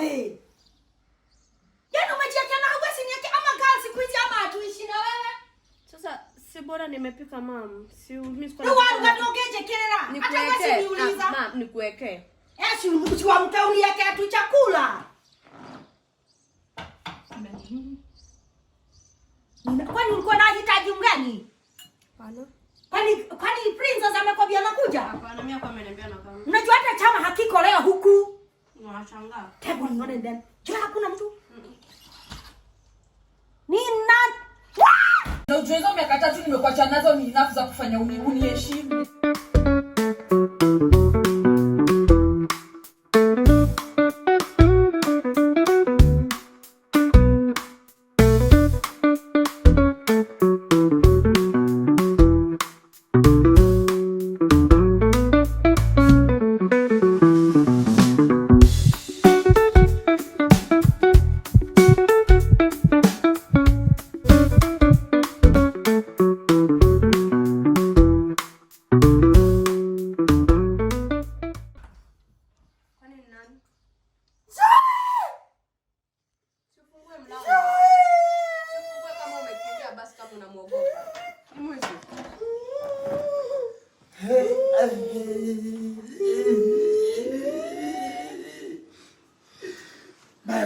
wewe. Yaani umejiwekea na wewe siniweke ama girl siku hizi ama hatuishi na wewe. Sasa si bora nimepika mam. Si mimi sikuwa. Ni wewe unatogeje kera? Hata wewe niuliza. Ah, mam nikuwekee. Eh, si mchukua mtauni yake atu chakula. Kwani ulikuwa na hitaji gani? Hapana. Kwani kwani princess amekwambia nakuja? Hapana, mimi hapa ameniambia na Unajua hata chama hakiko leo huku. Unashangaa. Hebu nione ndani. Je, hakuna mtu? Ni nani? Na ujuezo miaka tatu nimekuacha nazo ni nafu za kufanya uni uniheshimu. My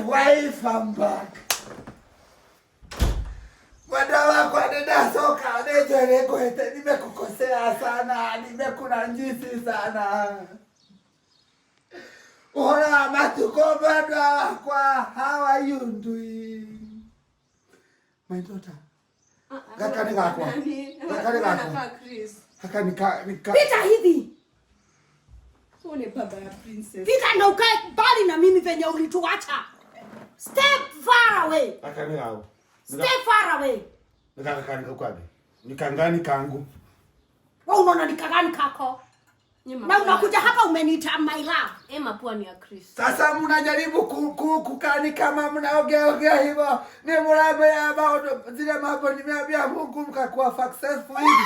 wife, I'm back. Mwenda wako ninasoka, nijerekwete, nimekukosea sana, nimekunajisi sana. Ona matuko bado wakwa, how are you doing? My daughter. Ah, ah, Gakani ah, gakwa. Gakani gakwa. Kaka nika, nika. Pita hivi. Ole baba ya princess. Pita na ukae bali na mimi venye ulituacha. Step far away. Kaka ni hao. Step far away. Nika kaka nika kwaje? Nika ngani kangu? Wewe unaona nika gani kako? Na unakuja hapa umeniita my love. Ema pua ni ya Kristo. Sasa mnajaribu kukani kama mnaogea ogea hivyo. Ni mrabe ya bao zile mambo nimeambia Mungu mkakuwa successful hivi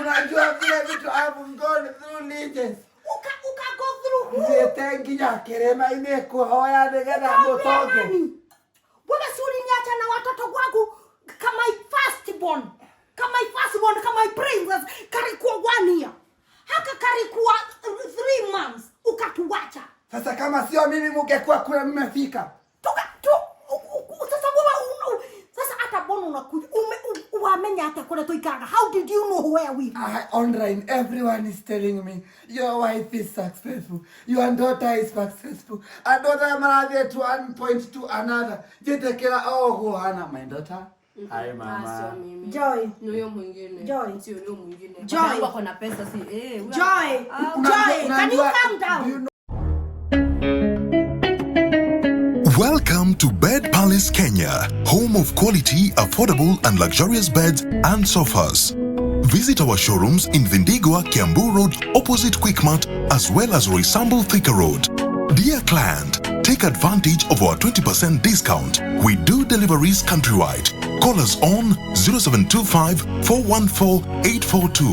unajua vile vitu I've gone through ages uka uka go through mzee tengi ya kirema imekuhoya nigetha mutonge bwana si uliniacha na watoto wangu kama first born kama first born kama princess karikuwa one year haka karikuwa three months ukatuacha. sasa kama sio mimi mungekuwa kule mmefika tuka tu sasa bwana sasa hata bono unakuja wamenya atä kå rä how did you know where we I, online everyone is telling me your wife is successful your daughter is successful andå othe marathiä to one point to another njä kä oh, my daughter mm-hmm. Hi, ah, mama. Joy. Joy. Joy. Eh, Joy. Joy. Joy. Can you calm down? to Bed Palace Kenya, home of quality, affordable, and luxurious beds and sofas. Visit our showrooms in Vindigua, Kiambu Road, opposite Quickmart, as well as Resamble Thika Road. Dear client, take advantage of our 20% discount. We do deliveries countrywide. Call us on 0725 414 842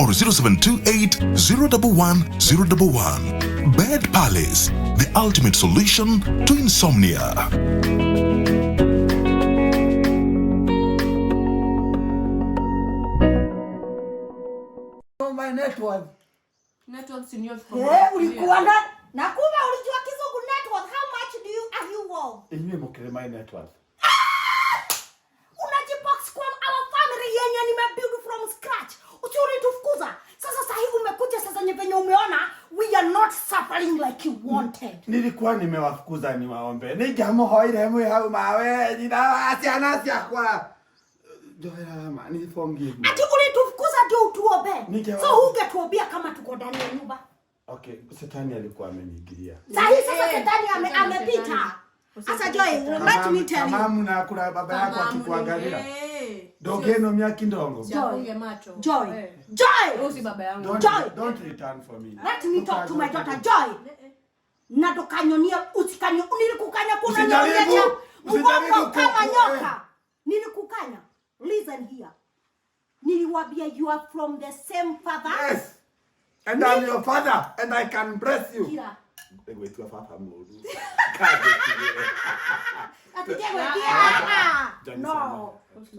or 0728 011 011. Bed Palace the ultimate solution to insomnia. My network. in your eh, yeah, ulikuwa na network. How much do you are you worth? network. nilikuwa nimewafukuza niwaombe nijamuhoire mwi hau mawe ninawasianasiakwa Ati ulitufukuza ndio utuombe? So hungetuombia kama tuko ndani ya nyumba. Okay, shetani alikuwa ameniingilia. Sasa hivi sasa shetani amepita. Sasa Joy, let me tell you. Mama na kula baba yako akikuangalia. Dogeno myaki ndongo. Joy. Joy. Joy. Don't return for me. Let me talk to my daughter Joy na ndukanyonie usikanyo nilikukanya kuna nyonyecha mgongo kama nyoka eh. nilikukanya listen here niliwaambia you are from the same father yes and Nili... I'm your father and I can bless you Kira. Gwĩtua baba mũru. Atigegwĩtia. No.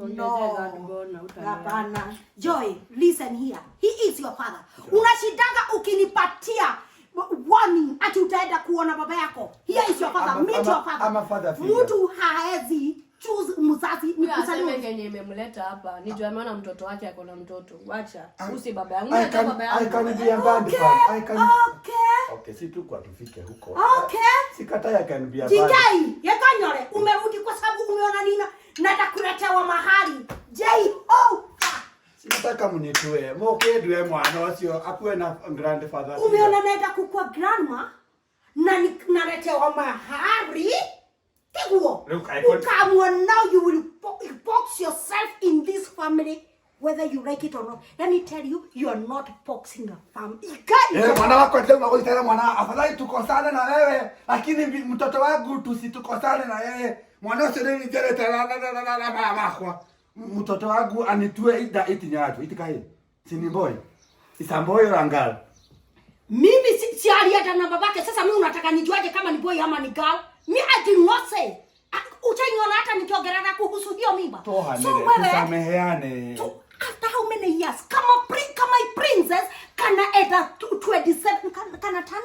No. Hapana. Joy, listen here. He is your father. Unashindanga ukinipata ati utaenda kuona baba yako. Here is your father. Meet your father. Mtu haezi choose mzazi ni kusalimu. Yeye Kenye imemleta hapa ni juu ameona mtoto wake ako na mtoto. Wacha. Usi baba yangu na baba yangu. I can be a bad I can Okay. Okay, si tu kwa tufike huko. Okay. Sikatai ya can be a bad. Jikai, yekanyore umerudi kwa sababu umeona nina natakuletea wa mahali. Jai. Oh. Sitaka mnitue. Mokedwe mwana wasio akuwe na grandfather. Umeona naenda kukua grandma? na naletewa mahari kiguo ukamua now you will box yourself in this family whether you like it or not let me tell you you are not boxing a family eh mwana wako ndio unakojitana mwana afadhali tukosane na wewe lakini mtoto wangu tusitukosane na yeye mwana sio ni jere tala na na na na mahwa mtoto wangu anitue ida itinyatu itikai sinimboy isamboyo rangal mimi alienda na babake. Sasa mimi unataka nijuaje kama ni boy ama ni girl? Mi I did not say. Ah, Utaniona hata nikiongelea kuhusu hiyo mimba. so wewe sameheane. After how many years? Kama prin, kama i princess kana eta 27 kana, tan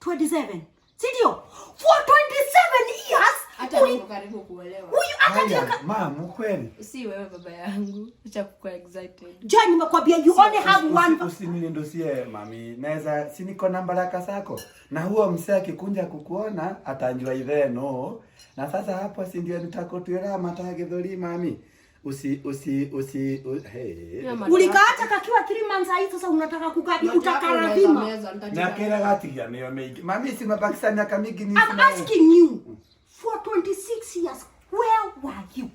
27. Sidio? For 27 years. Hata niko karibu kuelewa. Huyu Haya, mamu kweli. Si wewe baba yangu. Acha excited. nimekwambia you only have one. mami. Naweza si niko na baraka zako. Na huo msee akikunja kukuona atanjua ile no. Na sasa hapo si ndio nitakotwela mami. Usi usi usi hey. Ulikaacha kakiwa sasa unataka Na gati ya mimi. Mami si ni. I'm asking you for 26 years where were you?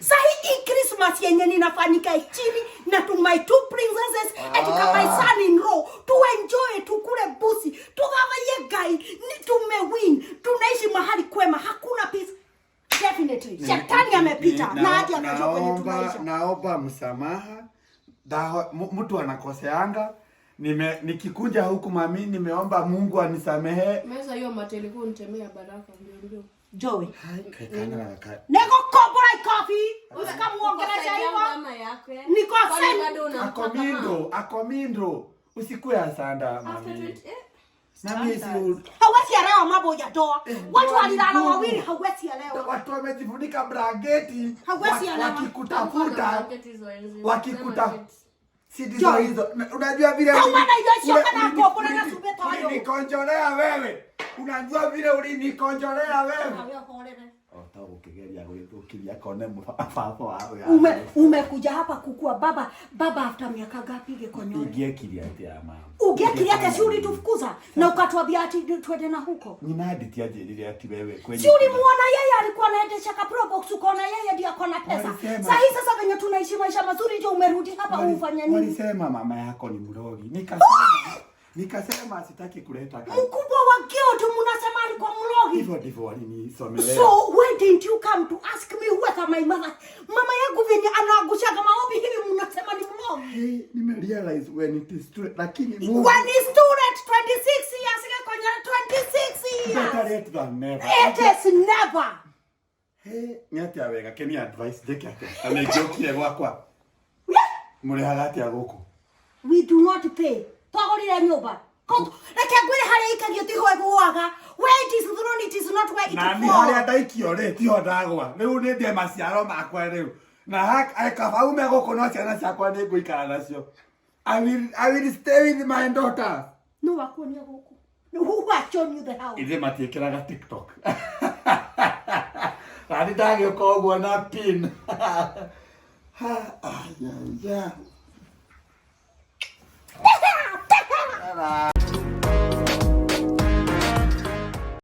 Sahi Christmas yenye ninafanyika chini na to my two princesses ah. and to my son in law to enjoy tukule busi tukavaye guy ni tumewin tunaishi mahali kwema hakuna peace definitely ne, shetani amepita na hadi amejua kwenye tumaisha naomba msamaha Daho, mtu anakoseanga nime nikikunja huku mami nimeomba Mungu anisamehe meza hiyo mateli kunitemea baraka ndio ndio Joey. Nikukobola ikofi. Usikamuongelesha hivyo. Niko sasa. Akomindo, akomindo. Usikue asanda mami. Eh, Nami si hawezi elewa mambo ya doa. Watu walilala wawili hawezi elewa. Watu wamejifunika brageti. Hawezi elewa. Wakikutafuta. Wakikutafuta. hizo hizo. Unajua vile ulinikonjolea wewe, unajua vile ulinikonjolea wewe. kone Ume, umekuja hapa kukua baba baba after miaka gapi Gikonyore? Ugie kili ati ya mama. Ugie kili ati si tufukuza na ukatuambia ati twende na huko. Ninaditia ajili ati wewe kwenye. Si ulimuona yeye alikuwa anaendesha ka probox na yeye ndiye ako na pesa. Sasa hii sasa venye tunaishi maisha mazuri ndio umerudi hapa ufanya nini? Walisema mama yako ni mrogi. Nikasema Nikasema sitaki kuleta kazi. Mkubwa wa George mnasema alikuwa mlogi. Hivyo ndivyo walinisomelea. So when did you come to ask me whether my mother? Mama yangu vini anaangusha kama obi hivi mnasema ni mlogi? Hey, nime realize when it is true, lakini Mungu. When is too late 26 years ago kwa 26 years. Better late than never. It is never. Hey, nyati awega kemi advice jeke ate. Amejoki ya wakwa. Mure halati ya goko. We do not pay twagorire nyumba reke ngwire haria ikagio tiho iguaga where it is thrown it is not where it fall na ni haria daikio ri tiho ndagwa riu ni ndie maciaro makwa riu na akaba ume guku no ciana ciakwa ni nguikara nacio I will, I will stay with my daughter. No, wakuonia guku. No, who has shown you the house? Ithe matiikiraga TikTok. Rani ndagĩũka ũguo na pin. Ha, ah, yeah, yeah. দাদা